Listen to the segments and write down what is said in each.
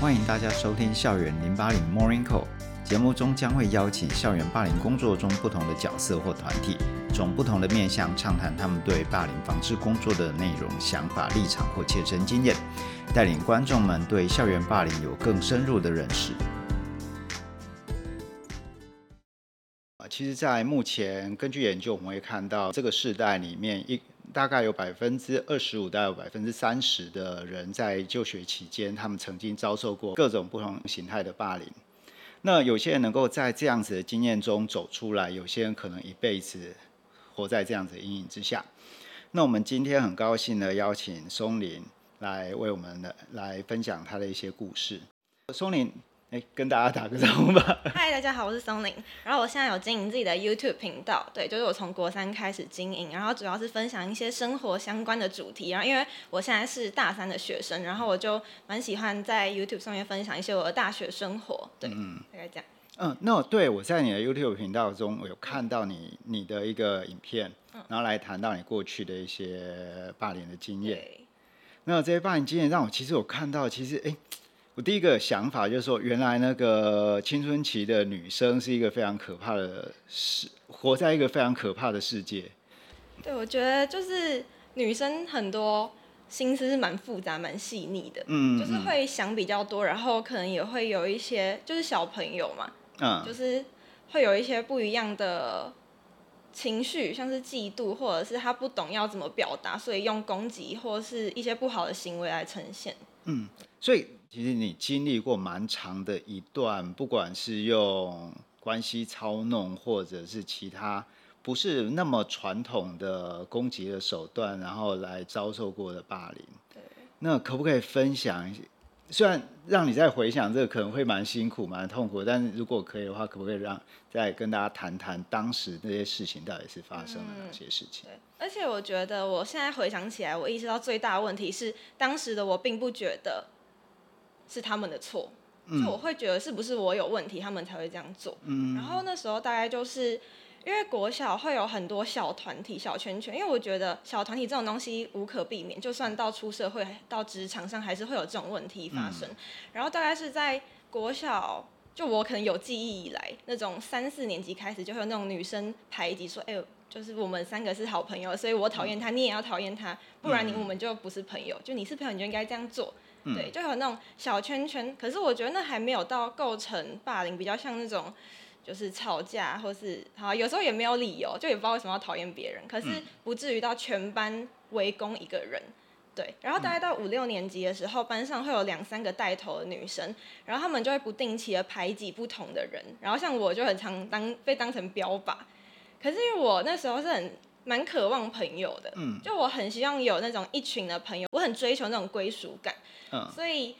歡迎大家收聽《校園零霸凌 Morning Call》。節目中將會邀請校園霸凌工作中不同的角色或團體，從不同的面向暢談他們對霸凌防治工作的內容、想法、立場或切身經驗，帶領觀眾們對校園霸凌有更深入的認識。其實，在目前根據研究，我們會看到這個世代裡面一，大概有百分之二十五到百分之三十的人在就學期間，他們曾經遭受過各種不同形態的霸凌。那有些人能夠在這樣子的經驗中走出來，有些人可能一輩子活在這樣子的陰影之下。那我們今天很高興的邀請松琳來為我們來分享他的一些故事。松琳。哎、欸，跟大家打個招呼吧。嗨，大家好，我是松琳。然後我現在有經營自己的 YouTube 頻道，對，就是我從國三開始經營，然後主要是分享一些生活相關的主題。然後因為我現在是大三的學生，然後我就蠻喜歡在 YouTube 上面分享一些我的大學生活。對，大概這樣。嗯，那、uh, no, 對我在你的 YouTube 頻道中，我有看到你你的一個影片，嗯、然後來談到你過去的一些霸凌的經驗。對那這些霸凌經驗讓我其實我看到，其實哎。欸我第一個想法就是說，原來那個青春期的女生是一個非常可怕的世，活在一個非常可怕的世界。對，我覺得就是女生很多心思是蠻複雜、蠻細膩的，嗯，就是會想比較多，然後可能也會有一些，就是小朋友嘛，嗯，就是會有一些不一樣的情緒，像是嫉妒，或者是她不懂要怎麼表達，所以用攻擊或者是一些不好的行為來呈現。嗯，所以。其實你經歷過蠻長的一段，不管是用關係操弄，或者是其他不是那麼傳統的攻擊的手段，然後來遭受過的霸凌。對。那可不可以分享？雖然讓你再回想這個可能會蠻辛苦、蠻痛苦，但是如果可以的話，可不可以讓再跟大家談談當時那些事情到底是發生了哪些事情？嗯。而且我覺得，我現在回想起來，我意識到最大的問題是，當時的我並不覺得。是他們的錯，就我會覺得是不是我有問題，嗯、他們才會這樣做。嗯、然後那時候大概就是因為國小會有很多小團體、小圈圈，因為我覺得小團體這種東西無可避免，就算到出社會、到職場上，還是會有這種問題發生。嗯、然後大概是在國小，就我可能有記憶以來，那種三四年級開始就會有那種女生排擠，說：“哎、欸、呦，就是我們三個是好朋友，所以我討厭他，你也要討厭他，不然你、嗯、我們就不是朋友。就你是朋友，你就應該這樣做。”嗯、對，就有那種小圈圈，可是我覺得那還沒有到構成霸凌，比較像那種就是吵架，或是好有時候也沒有理由，就也不知道為什麼要討厭別人，可是不至於到全班圍攻一個人。對，然後大概到五六年級的時候，嗯、班上會有兩三個帶頭的女生，然後她們就會不定期的排擠不同的人，然後像我就很常當被當成標靶，可是因為我那時候是很。蠻渴望朋友的，嗯、就我很希望有那種一群的朋友，我很追求那種歸屬感，嗯、所以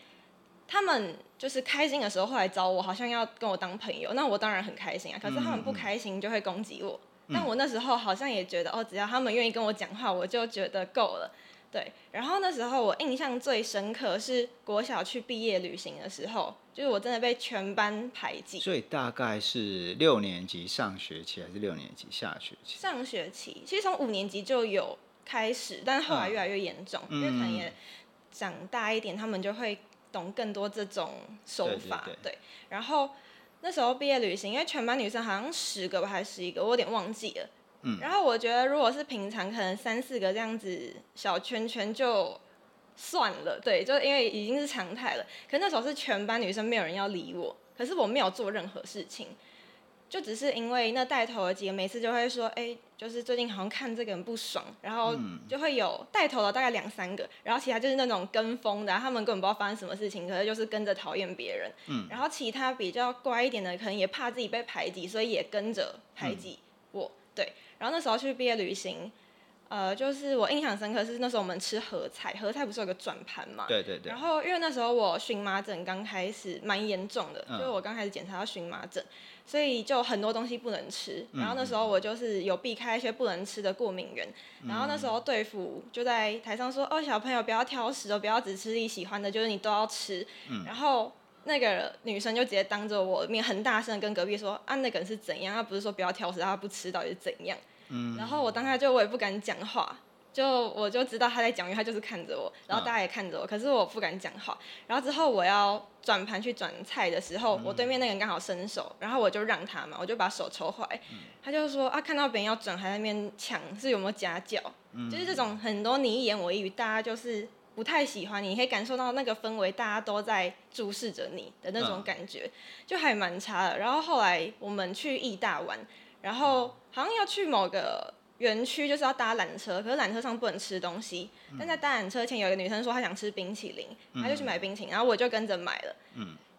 他們就是開心的時候，會來找我，好像要跟我當朋友，那我當然很開心啊。可是他們不開心就會攻擊我，嗯嗯、但我那時候好像也覺得，哦，只要他們願意跟我講話，我就覺得夠了。對，然後那時候我印象最深刻是國小去畢業旅行的時候，就是我真的被全班排擠。所以大概是六年級上學期還是六年級下學期？上學期，其實從五年級就有開始，但後來越來越嚴重，啊、因為他也長大一點，他們就會懂更多這種手法。對，對，對，對，然後那時候畢業旅行，因為全班女生好像十個吧，還是十一個，我有點忘記了。嗯、然後我覺得，如果是平常，可能三四個這樣子小圈圈就算了。對，就是因為已經是常態了。可那時候是全班女生沒有人要理我，可是我沒有做任何事情，就只是因為那帶頭的幾個每次就會說，哎，就是最近好像看這個人不爽，然後就會有帶頭的大概兩三個，然後其他就是那種跟風的、啊，他們根本不知道發生什麼事情，可是就是跟着討厭別人。嗯。然後其他比較乖一點的，可能也怕自己被排擠，所以也跟着排擠我。嗯、對。然後那時候去畢業旅行，呃，就是我印象深刻是那時候我們吃合菜，合菜不是有一個轉盤嘛？對對對。然後因為那時候我蕁麻疹剛開始蠻嚴重的，嗯、就是我剛開始檢查到蕁麻疹，所以就很多東西不能吃。然後那時候我就是有避開一些不能吃的過敏源。嗯、然後那時候對付就在台上說：“嗯、哦，小朋友不要挑食哦，不要只吃你喜歡的，就是你都要吃。嗯”然後那個女生就直接當着我面很大聲跟隔壁說：“啊，那個人是怎樣？他不是說不要挑食，他不吃到底是怎樣？”嗯、然後我當時就我也不敢講話，就我就知道他在講，因為他就是看着我，然後大家也看着我，啊、可是我不敢講話。然後之後我要轉盤去轉菜的時候，嗯、我對面那個人剛好伸手，然後我就讓他嘛，我就把手抽壞。嗯、他就說啊，看到別人要轉還在那邊搶，是有沒有家教？嗯、就是這種很多你一言我一語，大家就是不太喜歡你，可以感受到那個氛圍，大家都在注視着你的那種感覺，啊、就還蠻差的。然後後來我們去義大玩。然後好像要去某個園區，就是要搭纜車，可是纜車上不能吃東西。但在搭纜車前，有一個女生說她想吃冰淇淋，她就去買冰淇淋，然後我就跟着買了。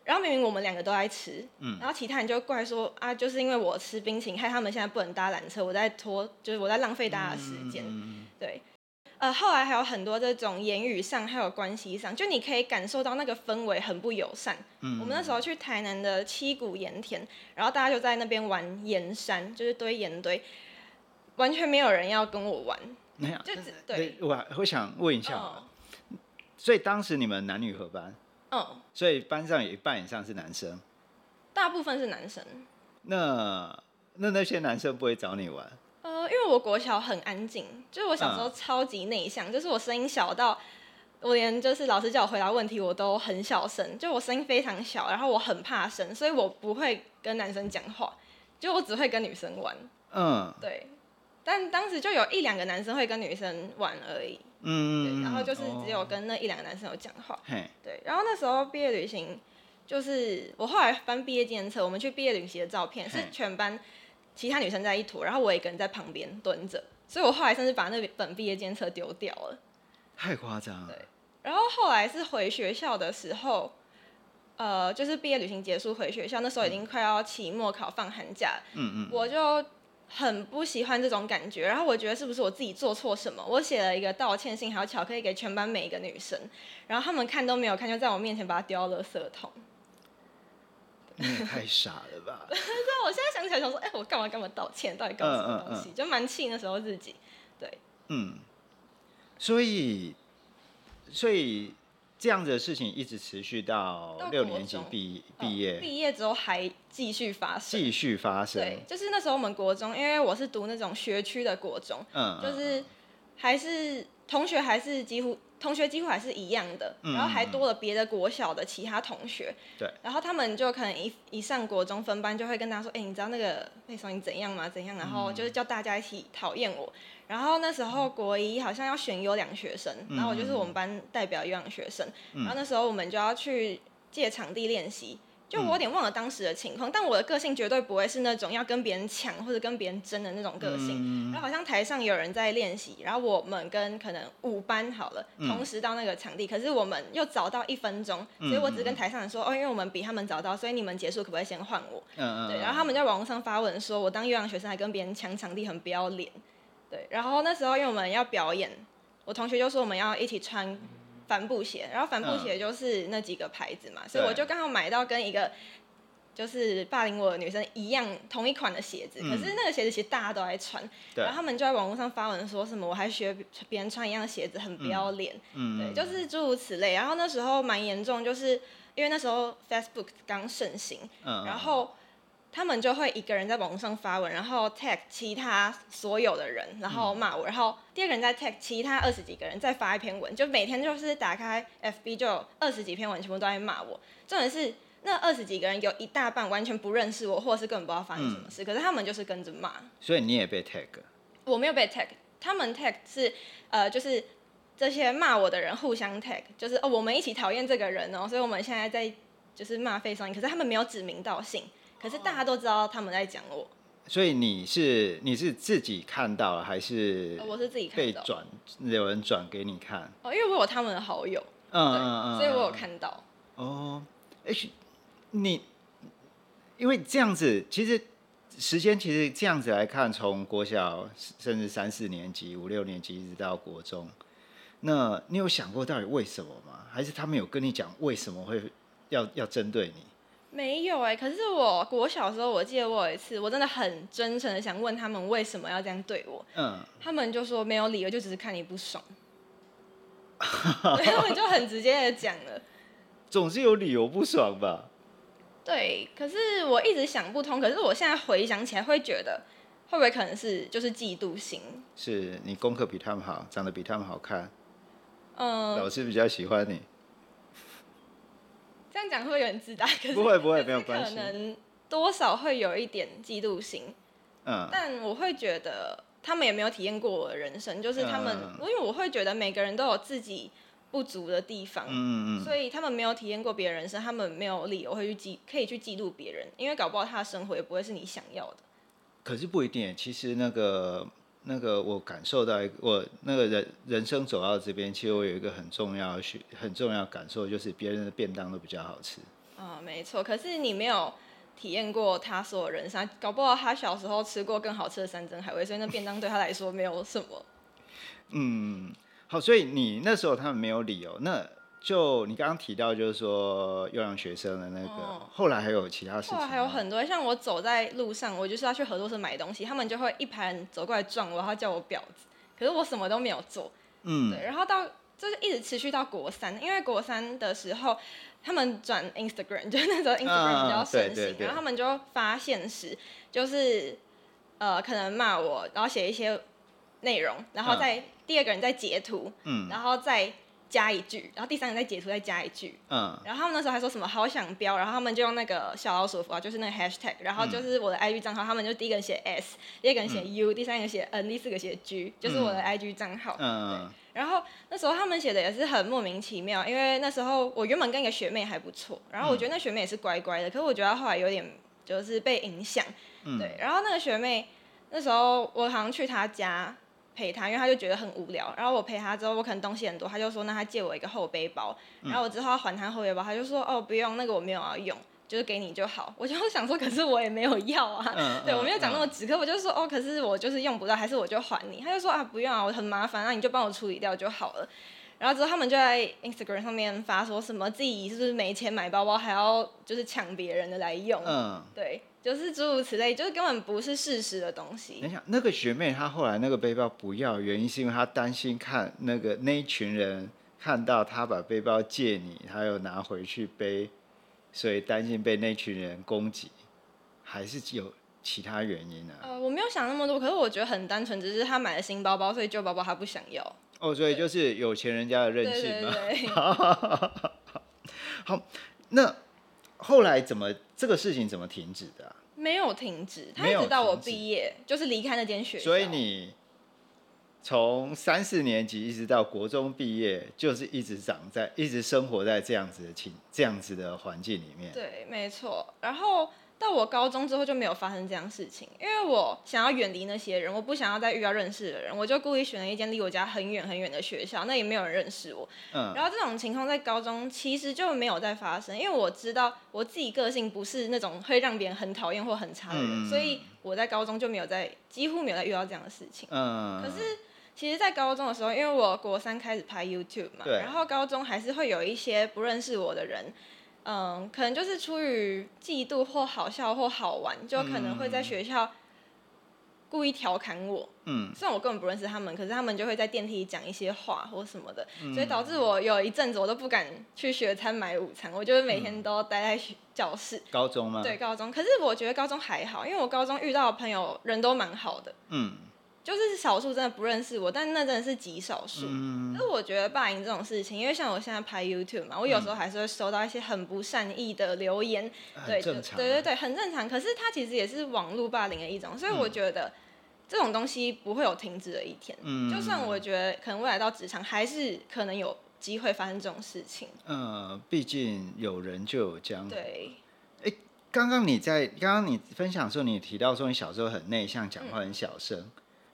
然後明明我們兩個都在吃，然後其他人就怪說啊，就是因為我吃冰淇淋，害他們現在不能搭纜車，我在拖，就是我在浪費大家的時間，對。呃，後來還有很多這種言語上，還有關係上，就你可以感受到那個氛圍很不友善。嗯，我們那時候去台南的七股鹽田，然後大家就在那邊玩鹽山，就是堆鹽堆，完全沒有人要跟我玩。沒有，就只對，我我想問一下，oh, 所以當時你們男女合班？嗯，oh, 所以班上有一半以上是男生，大部分是男生。那那那些男生不會找你玩？呃，因為我國小很安靜，就是我小時候超級內向，uh, 就是我聲音小到我連就是老師叫我回答問題，我都很小聲，就我聲音非常小，然後我很怕生，所以我不會跟男生講話，就我只會跟女生玩。嗯，uh, 對。但當時就有一兩個男生會跟女生玩而已。嗯、mm hmm. 然後就是只有跟那一兩個男生有講話。Oh. 對。然後那時候畢業旅行，就是我後來翻畢業紀念冊，我們去畢業旅行的照片是全班。其他女生在一坨，然後我一個人在旁邊蹲着，所以我後來甚至把那本畢業紀念冊丟掉了。太誇張了。對。然後後來是回學校的時候，呃，就是畢業旅行結束回學校，那時候已經快要期末考、放寒假。嗯嗯。我就很不喜歡這種感覺，然後我覺得是不是我自己做錯什麼？我寫了一個道歉信，還有巧克力給全班每一個女生，然後他們看都沒有看，就在我面前把它丟到垃圾桶。太傻了吧！ 對，我現在想起來想說，哎、欸，我幹嘛幹嘛道歉？到底搞什麼東西？嗯嗯、就蠻氣那時候自己。對，嗯，所以，所以這樣子的事情一直持續到六年級畢畢業、哦，畢業之後還繼續發生，繼續發生。對，就是那時候我們國中，因為我是讀那種學區的國中，嗯，就是還是同學還是幾乎。同學幾乎還是一樣的，然後還多了別的國小的其他同學。對、嗯，然後他們就可能一一上國中分班就會跟大家說：“哎、欸，你知道那個為什麼你怎樣嗎？怎樣？”然後就是叫大家一起討厭我。然後那時候國一好像要選優良學生，然後我就是我們班代表優良學生。嗯、然後那時候我們就要去借場地練習。就我有點忘了當時的情況，嗯、但我的個性絕對不會是那種要跟別人搶或者跟別人爭的那種個性。嗯、然後好像台上有人在練習，然後我們跟可能五班好了，嗯、同時到那個場地，可是我們又早到一分鐘，所以我只跟台上人說，嗯、哦，因為我們比他們早到，所以你們結束可不可以先換我？嗯、對，然後他們在網絡上發文說，嗯、我當岳陽學生還跟別人搶場地很不要臉。對，然後那時候因為我們要表演，我同學就說我們要一起穿帆布鞋，然後帆布鞋就是那幾個牌子嘛，嗯、所以我就剛好買到跟一個就是霸凌我的女生一樣同一款的鞋子，嗯、可是那個鞋子其實大家都愛穿，對然後他們就在網絡上發文說什麼，我還學別人穿一樣鞋子，很不要臉，嗯、對，就是諸如此類。然後那時候蠻嚴重，就是因為那時候 Facebook 剛盛行，嗯、然後。他們就會一個人在網上發文，然後 tag 其他所有的人，然後罵我。嗯、然後第二個人再 tag 其他二十幾個人，再發一篇文。就每天就是打開 FB 就有二十幾篇文，全部都在罵我。重點是那二十幾個人有一大半完全不認識我，或是根本不知道發生什麼事，嗯、可是他們就是跟着罵。所以你也被 tag？我沒有被 tag，他們 tag 是呃，就是這些罵我的人互相 tag，就是哦，我們一起討厭這個人哦，所以我們現在在就是罵費桑。可是他們沒有指名道姓。可是大家都知道他們在講我，所以你是你是自己看到了還是、哦、我是自己看到被轉有人轉給你看？哦，因為我有他們的好友，嗯嗯嗯，對嗯所以我有看到。哦，哎、欸，你因為這樣子，其實時間其實這樣子來看，從國小甚至三四年級、五六年級一直到國中，那你有想過到底為什麼嗎？還是他們有跟你講為什麼會要要針對你？沒有哎、欸，可是我我小時候，我記得我有一次，我真的很真誠的想問他們為什麼要這樣對我。嗯，他們就說沒有理由，就只是看你不爽。然後你就很直接的講了，總是有理由不爽吧？對，可是我一直想不通。可是我現在回想起來，會覺得會不會可能是就是嫉妒心？是你功課比他們好，長得比他們好看，嗯，老師比較喜歡你。這樣講會有點自大，可是可能多少會有一點嫉妒心。嗯、但我會覺得他們也沒有體驗過我的人生，就是他們，嗯、因為我會覺得每個人都有自己不足的地方，嗯嗯，所以他們沒有體驗過別人生，他們沒有理由會去嫉，可以去嫉妒別人，因為搞不好他的生活也不會是你想要的。可是不一定，其實那個。那個我感受到，我那個人人生走到這邊，其實我有一個很重要、很重要感受，就是別人的便當都比較好吃。哦，沒錯，可是你沒有體驗過他所有人生，搞不好他小時候吃過更好吃的山珍海味，所以那便當對他來說沒有什麼。 嗯，好，所以你那時候他們沒有理由那。就你剛剛提到，就是說優良學生的那個，哦、後來還有其他事情，後來還有很多，像我走在路上，我就是要去合作社買東西，他們就會一排人走過來撞我，然後叫我婊子，可是我什麼都沒有做，嗯，對。然後到就是一直持續到國三，因為國三的時候，他們轉 Instagram，就那時候 Instagram 比較盛行，嗯、對對對，然後他們就發限時，就是呃可能罵我，然後寫一些內容，然後再、嗯、第二個人再截圖，嗯，然後再。加一句，然後第三個再截圖再加一句，嗯，然後他們那時候還說什麼好想標，然後他們就用那個小老鼠符號，就是那個 hashtag，然後就是我的 IG 賬號，嗯、他們就第一個人寫 S，第二個人寫 U，、嗯、第三個寫 N，第四個寫 G，就是我的 IG 賬號，嗯，對嗯然後那時候他們寫的也是很莫名其妙，因為那時候我原本跟一個學妹還不錯，然後我覺得那學妹也是乖乖的，可是我覺得她後來有點就是被影響，嗯、對，然後那個學妹那時候我好像去她家。陪他，因為他就覺得很無聊。然後我陪他之後，我可能東西很多，他就說：“那他借我一個後背包。嗯”然後我之後要還他後背包，他就說：“哦，不用，那個我沒有要用，就是給你就好。”我就想說：“可是我也沒有要啊。嗯”對，我沒有講那麼直，可、嗯、我就說：“哦，可是我就是用不到，還是我就還你。”他就說：“啊，不用啊，我很麻煩，那、啊、你就幫我處理掉就好了。”然後之後他們就在 Instagram 上面發說什麼自己是不是沒錢買包包，還要就是搶別人的來用。嗯，對。就是諸如此類，就是根本不是事實的東西。你想，那個學妹她後來那個背包不要，原因是因為她擔心看那個那一群人看到她把背包借你，她又拿回去背，所以擔心被那群人攻擊，還是有其他原因呢？啊？呃，我沒有想那麼多，可是我覺得很單純，只、就是她買了新包包，所以舊包包她不想要。哦，所以就是有錢人家的任性嗎？對對對，好，好，那。後來怎麼這個事情怎麼停止的啊？沒有停止，他一直到我畢業，就是離開那間學校。所以你從三四年級一直到國中畢業，就是一直長在，一直生活在這樣子的情，這樣子的環境裡面。對，沒錯。然後。到我高中之後就沒有發生這樣事情，因為我想要遠離那些人，我不想要再遇到認識的人，我就故意選了一間離我家很遠很遠的學校，那也沒有人認識我。嗯，然後這種情況在高中其實就沒有再發生，因為我知道我自己個性不是那種會讓別人很討厭或很差的人，嗯，所以我在高中就沒有再，幾乎沒有再遇到這樣的事情。嗯，可是其實，在高中的時候，因為我國三開始拍 YouTube 嘛，對然後高中還是會有一些不認識我的人。嗯，可能就是出於嫉妒或好笑或好玩，就可能會在學校故意調侃我。嗯，嗯，雖然我根本不認識他們，可是他們就會在電梯裡講一些話或什麼的，所以導致我有一陣子我都不敢去學餐買午餐，我就是每天都待在、嗯、教室。高中嗎？對，高中。可是我覺得高中還好，因為我高中遇到的朋友人都蠻好的。嗯。就是少數真的不認識我，但那真的是極少數。但、嗯、是我覺得霸凌這種事情，因為像我現在拍 YouTube 嘛，我有時候還是會收到一些很不善意的留言，嗯、對正常、啊、對對對，很正常。可是它其實也是網絡霸凌的一種，所以我覺得這種東西不會有停止的一天。嗯，就算我覺得可能未來到職場，還是可能有機會發生這種事情。呃、嗯，畢竟有人就有這樣。對，哎、欸，剛剛你在剛剛你分享的時候，你也提到說你小時候很內向，講話很小聲。嗯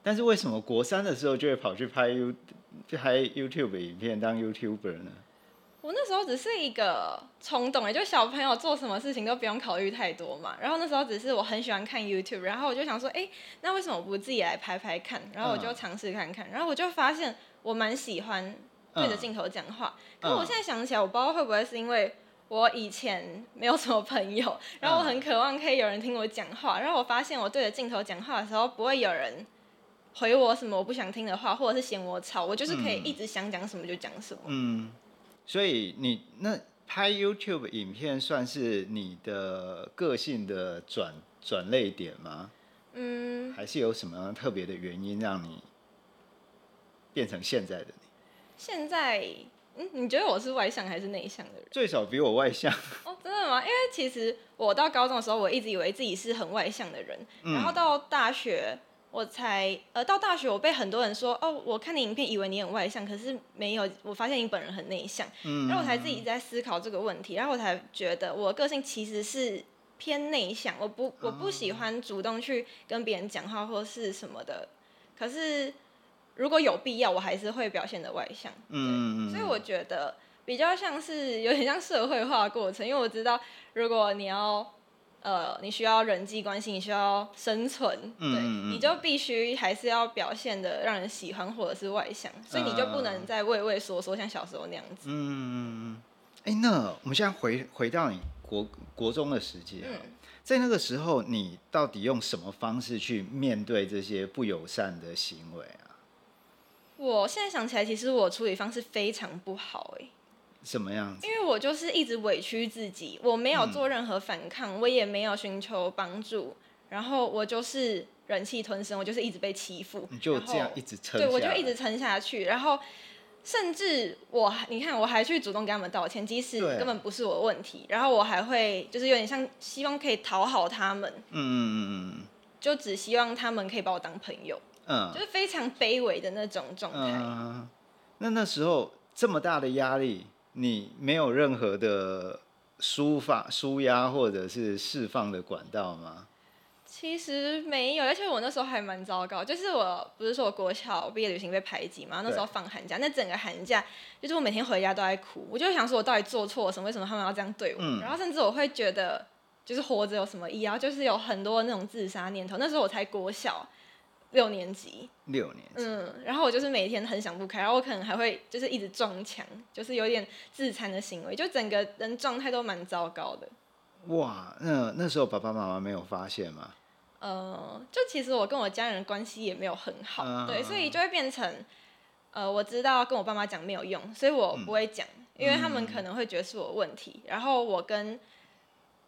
但是為什麼國三的時候就會跑去拍 You 就拍 YouTube 影片，當 YouTuber 呢？我那時候只是一個衝動，也就小朋友做什麼事情都不用考慮太多嘛。然後那時候只是我很喜歡看 YouTube，然後我就想說，哎、欸，那為什麼不自己來拍拍看？然後我就嘗試看看，uh, 然後我就發現我蠻喜歡對着鏡頭講話。Uh, 可我現在想起來，我不知道會不會是因為我以前沒有什麼朋友，然後我很渴望可以有人聽我講話。然後我發現我對着鏡頭講話的時候，不會有人。回我什麼我不想聽的話，或者是嫌我吵，我就是可以一直想講什麼就講什麼嗯。嗯，所以你那拍 YouTube 影片算是你的個性的轉轉捩點嗎？嗯，還是有什麼特別的原因讓你變成現在的你？現在，嗯，你覺得我是外向還是內向的人？最少比我外向。哦，真的嗎？因為其實我到高中的時候，我一直以為自己是很外向的人，嗯、然後到大學。我才呃，到大學，我被很多人說，哦，我看你影片以為你很外向，可是沒有，我發現你本人很內向。嗯、然後我才自己在思考這個問題，然後我才覺得我個性其實是偏內向，我不，我不喜歡主動去跟別人講話或是什麼的。哦、可是如果有必要，我還是會表現的外向。對，嗯。所以我覺得比較像是有點像社會化過程，因為我知道如果你要。呃，你需要人際關係，你需要生存，嗯、對，你就必須還是要表現的讓人喜歡或者是外向，嗯、所以你就不能再畏畏縮縮像小時候那樣子。嗯，哎、欸，那我們現在回回到你國國中的時間，嗯、在那個時候，你到底用什麼方式去面對這些不友善的行為啊？我現在想起來，其實我處理方式非常不好、欸，哎。什麼樣子？因為我就是一直委屈自己，我沒有做任何反抗，嗯、我也沒有尋求幫助，然後我就是忍氣吞聲，我就是一直被欺負，你就這樣一直撐下來，對，我就一直撐下去，然後甚至我，你看我還去主動給他們道歉，即使根本不是我的問題，對然後我還會就是有點像希望可以討好他們，嗯嗯嗯嗯，就只希望他們可以把我當朋友，嗯，就是非常卑微的那種狀態。嗯嗯、那那時候這麼大的壓力。你沒有任何的紓發、紓壓或者是釋放的管道嗎？其實沒有，而且我那時候還蠻糟糕，就是我，不是說我國小畢業旅行被排擠嘛？那時候放寒假，對那整個寒假就是我每天回家都在哭。我就想說，我到底做錯了什麼？為什麼他們要這樣對我？嗯、然後甚至我會覺得，就是活着有什麼意義？然後就是有很多那種自殺念頭。那時候我才國小六年級，六年級，嗯，然後我就是每天很想不開，然後我可能還會就是一直撞牆，就是有點自殘的行為，就整個人狀態都蠻糟糕的。哇，那那時候爸爸媽媽沒有發現嗎？呃，就其實我跟我家人的關係也沒有很好，嗯、對，所以就會變成，呃，我知道跟我爸媽講沒有用，所以我不會講，嗯、因為他們可能會覺得是我問題，嗯、然後我跟。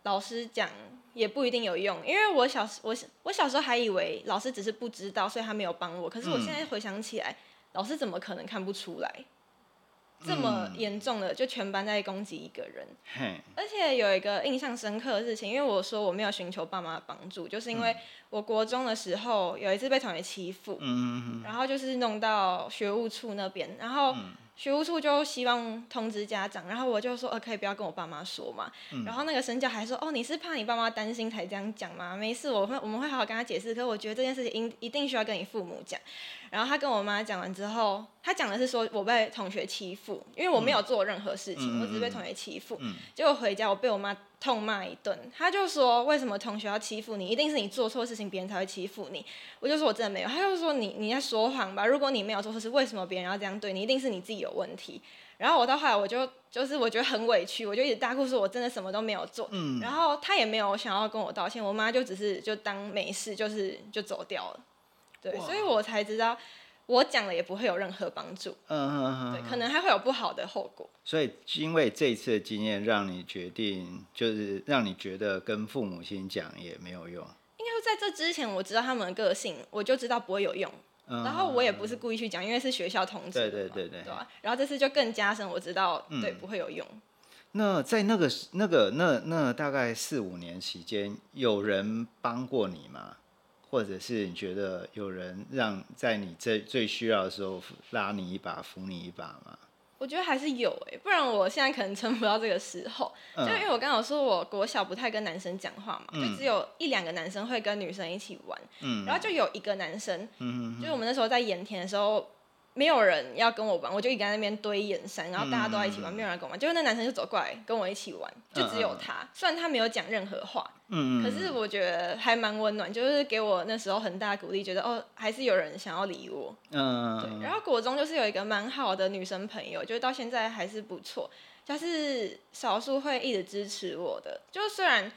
老師講也不一定有用，因為我小我我小時候還以為老師只是不知道，所以他沒有幫我。可是我現在回想起來，嗯、老師怎麼可能看不出來這麼嚴重的？就全班在攻擊一個人，嘿而且有一個印象深刻的事情，因為我說我沒有尋求爸媽的幫助，就是因為，我國中的時候，有一次被同學欺負，嗯嗯嗯、然後就是弄到學務處那邊，然後學務處就希望通知家長，然後我就說，呃，可以不要跟我爸媽說嘛，嗯、然後那個生教還說，哦，你是怕你爸媽擔心才這樣講嗎？沒事，我會我們會好好跟他解釋，可是我覺得這件事情應一定需要跟你父母講。然後他跟我媽講完之後，他講的是說，我被同學欺負，因為我沒有做任何事情，嗯、我只是被同學欺負，嗯嗯嗯、結果回家我被我媽。痛罵一頓，他就說：“為什麼同學要欺負你？一定是你做錯事情，別人才會欺負你。”我就說：“我真的沒有。”他就說你：“你你在說謊吧？如果你沒有做錯事，為什麼別人要這樣對你？一定是你自己有問題。”然後我到後來，我就就是我覺得很委屈，我就一直大哭說：“我真的什麼都沒有做。”嗯、然後他也沒有想要跟我道歉，我媽就只是就當沒事，就是就走掉了。對，哇所以我才知道。我講了也不會有任何幫助，嗯，對，嗯、可能還會有不好的後果。所以因為這次的經驗，讓你決定就是讓你覺得跟父母親講也沒有用。應該說在這之前，我知道他們的個性，我就知道不會有用。嗯、然後我也不是故意去講，因為是學校通知，對對對對，對、啊，然後這次就更加深我知道、嗯、對不會有用。那在那個那個那那大概四五年時間，有人幫過你嗎？或者是你覺得有人讓在你最最需要的時候拉你一把扶你一把嗎？我覺得還是有誒、欸，不然我現在可能撐不到這個時候。嗯、就因為我剛好說，我國小不太跟男生講話嘛，嗯、就只有一兩個男生會跟女生一起玩，嗯、然後就有一個男生，嗯、哼哼就是我們那時候在鹽田的時候。沒有人要跟我玩，我就一直在那邊堆眼山，然後大家都在一起玩，嗯、沒有人要跟我玩。結果那男生就走過來跟我一起玩，就只有他。嗯、雖然他沒有講任何話，嗯、可是我覺得還蠻溫暖，就是給我那時候很大的鼓勵，覺得哦還是有人想要理我，嗯對。然後國中就是有一個蠻好的女生朋友，就是到現在還是不錯，她、就是少數會一直支持我的，就雖然。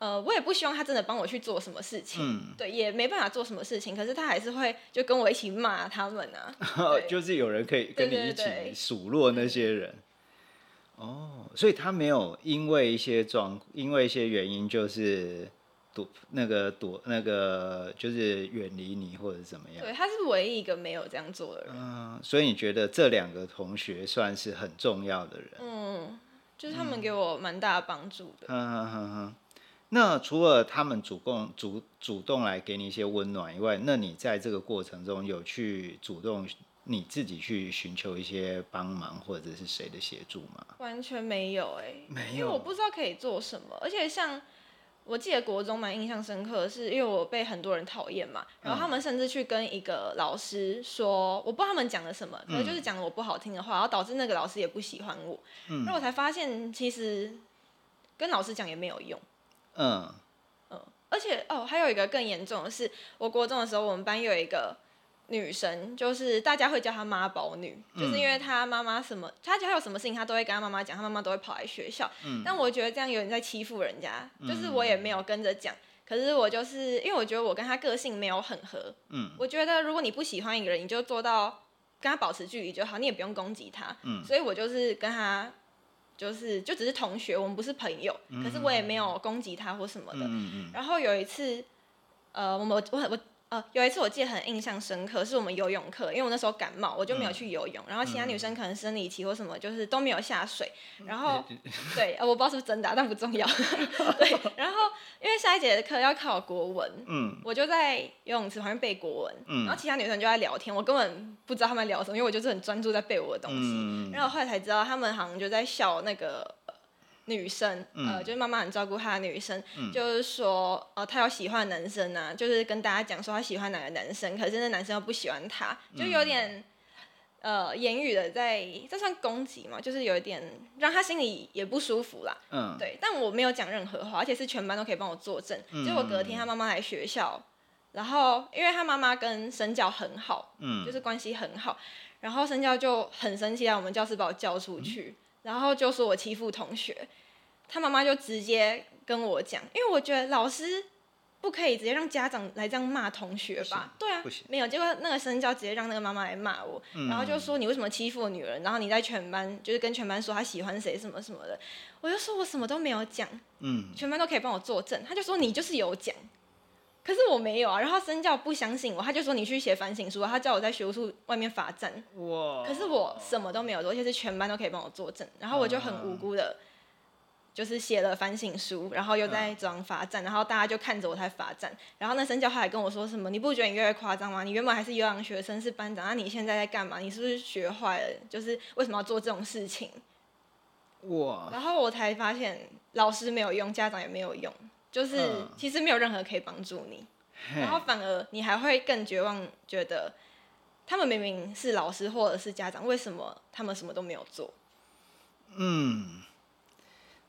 呃，我也不希望他真的幫我去做什麼事情，嗯、對，也沒辦法做什麼事情。可是他還是會就跟我一起罵他們啊，呵呵對就是有人可以跟你一起數落那些人。哦，所以他沒有因為一些狀，因為一些原因，就是躲那個躲那個，那個、就是遠離你或者怎麼樣。對，他是唯一一個沒有這樣做的人。嗯、呃，所以你覺得這兩個同學算是很重要的人？嗯，就是他們給我蠻大的幫助的。嗯嗯嗯嗯。啊啊啊那除了他們主動、主主動來給你一些溫暖以外，那你在這個過程中有去主動你自己去尋求一些幫忙或者是誰的協助嗎？完全沒有、欸，哎，沒有，因為我不知道可以做什麼。而且像我記得國中蠻印象深刻的，是因為我被很多人討厭嘛，嗯、然後他們甚至去跟一個老師說，我不知道他們講了什麼，反正就是講了我不好聽的話，嗯、然後導致那個老師也不喜歡我，嗯、然後我才發現其實跟老師講也沒有用。嗯、uh, 而且哦，還有一個更嚴重的是，我國中的時候，我們班有一個女生，就是大家會叫她媽寶女，嗯、就是因為她媽媽什麼，她家有什麼事情，她都會跟她媽媽講，她媽媽都會跑來學校。嗯、但我覺得這樣有點在欺負人家，就是我也沒有跟着講。可是我就是因為我覺得我跟她個性沒有很合。嗯、我覺得如果你不喜歡一個人，你就做到跟她保持距離就好，你也不用攻擊她。嗯、所以我就是跟她。就是，就只是同學，我們不是朋友，嗯、哼可是我也沒有攻擊他或什麼的。嗯、哼然後有一次，呃，我我我。我我呃，有一次我記得很印象深刻，是我們游泳課，因為我那時候感冒，我就沒有去游泳。嗯、然後其他女生可能生理期或什麼，就是都沒有下水。然後，對，呃、我不知道是不是真的啊，但不重要。 對，然後因為下一節的課要考國文，嗯，我就在游泳池旁邊背國文。嗯、然後其他女生就在聊天，我根本不知道他們聊什麼，因為我就是很專注在背我的東西。嗯、然後後來才知道，他們好像就在笑那個，女生，嗯、呃，就是媽媽很照顧她的女生，嗯、就是說，呃，她有喜歡的男生啊，就是跟大家講說她喜歡哪個男生，可是那男生又不喜歡她，就有點，嗯、呃，言語的在，這算攻擊嘛？就是有一點讓她心裡也不舒服啦。嗯，對，但我沒有講任何話，而且是全班都可以幫我作證。結果、嗯、隔天她媽媽來學校，然後因為她媽媽跟生教很好，嗯，就是關係很好，然後生教就很生氣、啊，在我們教室把我叫出去，嗯、然後就說我欺負同學。他媽媽就直接跟我講，因為我覺得老師不可以直接讓家長來這樣罵同學吧？對啊，不行，沒有結果。就那個生教直接讓那個媽媽來罵我，嗯、然後就說你為什麼欺負女人？然後你在全班就是跟全班說他喜歡誰什麼什麼的。我就說我什麼都沒有講，嗯，全班都可以幫我作證。他就說你就是有講，可是我沒有啊。然後生教不相信我，他就說你去寫反省書，他叫我在學務處外面罰站。哇！可是我什麼都沒有做，而且是全班都可以幫我作證。然後我就很無辜的。就是寫了反省書，然後又在走廊罰站，uh, 然後大家就看着我在罰站，然後那生教還跟我說什麼？你不覺得你越來越誇張嗎？你原本還是優良學生，是班長，那你現在在幹嘛？你是不是學壞了？就是為什麼要做這種事情？哇！Wow. 然後我才發現，老師沒有用，家長也沒有用，就是、uh, 其實沒有任何可以幫助你，Hey. 然後反而你還會更絕望，覺得他們明明是老師或者是家長，為什麼他們什麼都沒有做？嗯。Mm.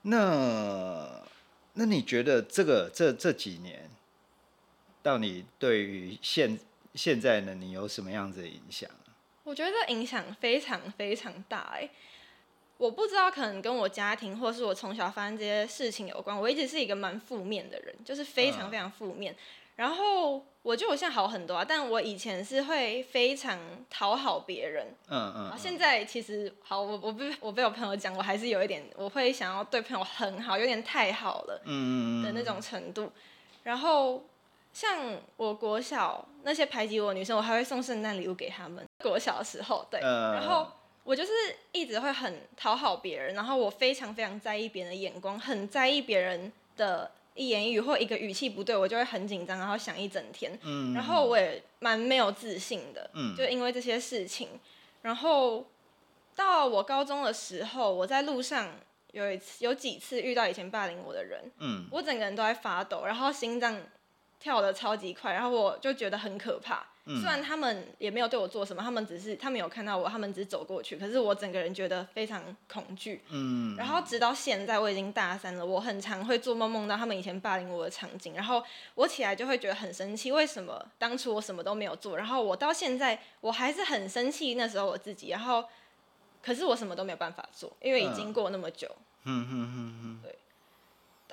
那那你覺得這個這這幾年，到底對於現現在呢，你有什麼樣子的影響？我覺得影響非常非常大欸！我不知道，可能跟我家庭或是我從小發生這些事情有關。我一直是一個蠻負面的人，就是非常非常負面。嗯然後我就，我現在好很多啊，但我以前是會非常討好別人，嗯嗯，嗯現在其實好，我我不我被我朋友講，我還是有一點，我會想要對朋友很好，有點太好了，嗯的那種程度。嗯嗯、然後像我國小那些排擠我女生，我還會送聖誕禮物給他們。國小的時候，對，嗯、然後我就是一直會很討好別人，然後我非常非常在意別人的眼光，很在意別人的。一言一語或一個語氣不對，我就會很緊張，然後想一整天。然後我也蠻沒有自信的，就因為這些事情。然後到我高中的時候，我在路上有一次有幾次遇到以前霸凌我的人，我整個人都在發抖，然後心臟跳得超級快，然後我就覺得很可怕。雖然他們也沒有對我做什麼，他們只是他們有看到我，他們只是走過去。可是我整個人覺得非常恐懼。嗯，然後直到現在，我已經大三了，我很常會做夢，夢到他們以前霸凌我的場景。然後我起來就會覺得很生氣，為什麼當初我什麼都沒有做？然後我到現在我還是很生氣那時候我自己。然後可是我什麼都沒有辦法做，因為已經過那麼久。嗯嗯嗯嗯，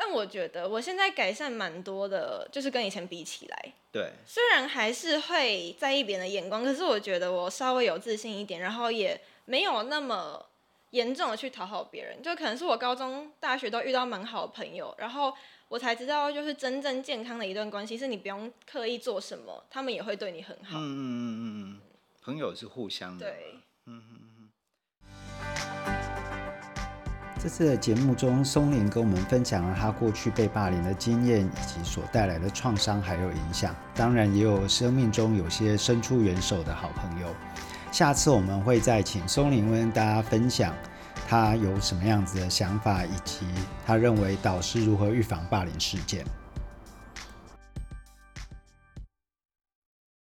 但我覺得我現在改善蠻多的，就是跟以前比起來，對，雖然還是會在意別人的眼光，可是我覺得我稍微有自信一點，然後也沒有那麼嚴重的去討好別人，就可能是我高中、大學都遇到蠻好的朋友，然後我才知道，就是真正健康的一段關係是你不用刻意做什麼，他們也會對你很好。嗯嗯嗯嗯嗯，朋友是互相的。對，嗯嗯。這次的節目中，松琳跟我們分享了她過去被霸凌的經驗，以及所帶來的創傷還有影響。當然，也有生命中有些伸出援手的好朋友。下次我們會再請松琳跟大家分享她有什麼樣子的想法，以及她認為導師如何預防霸凌事件。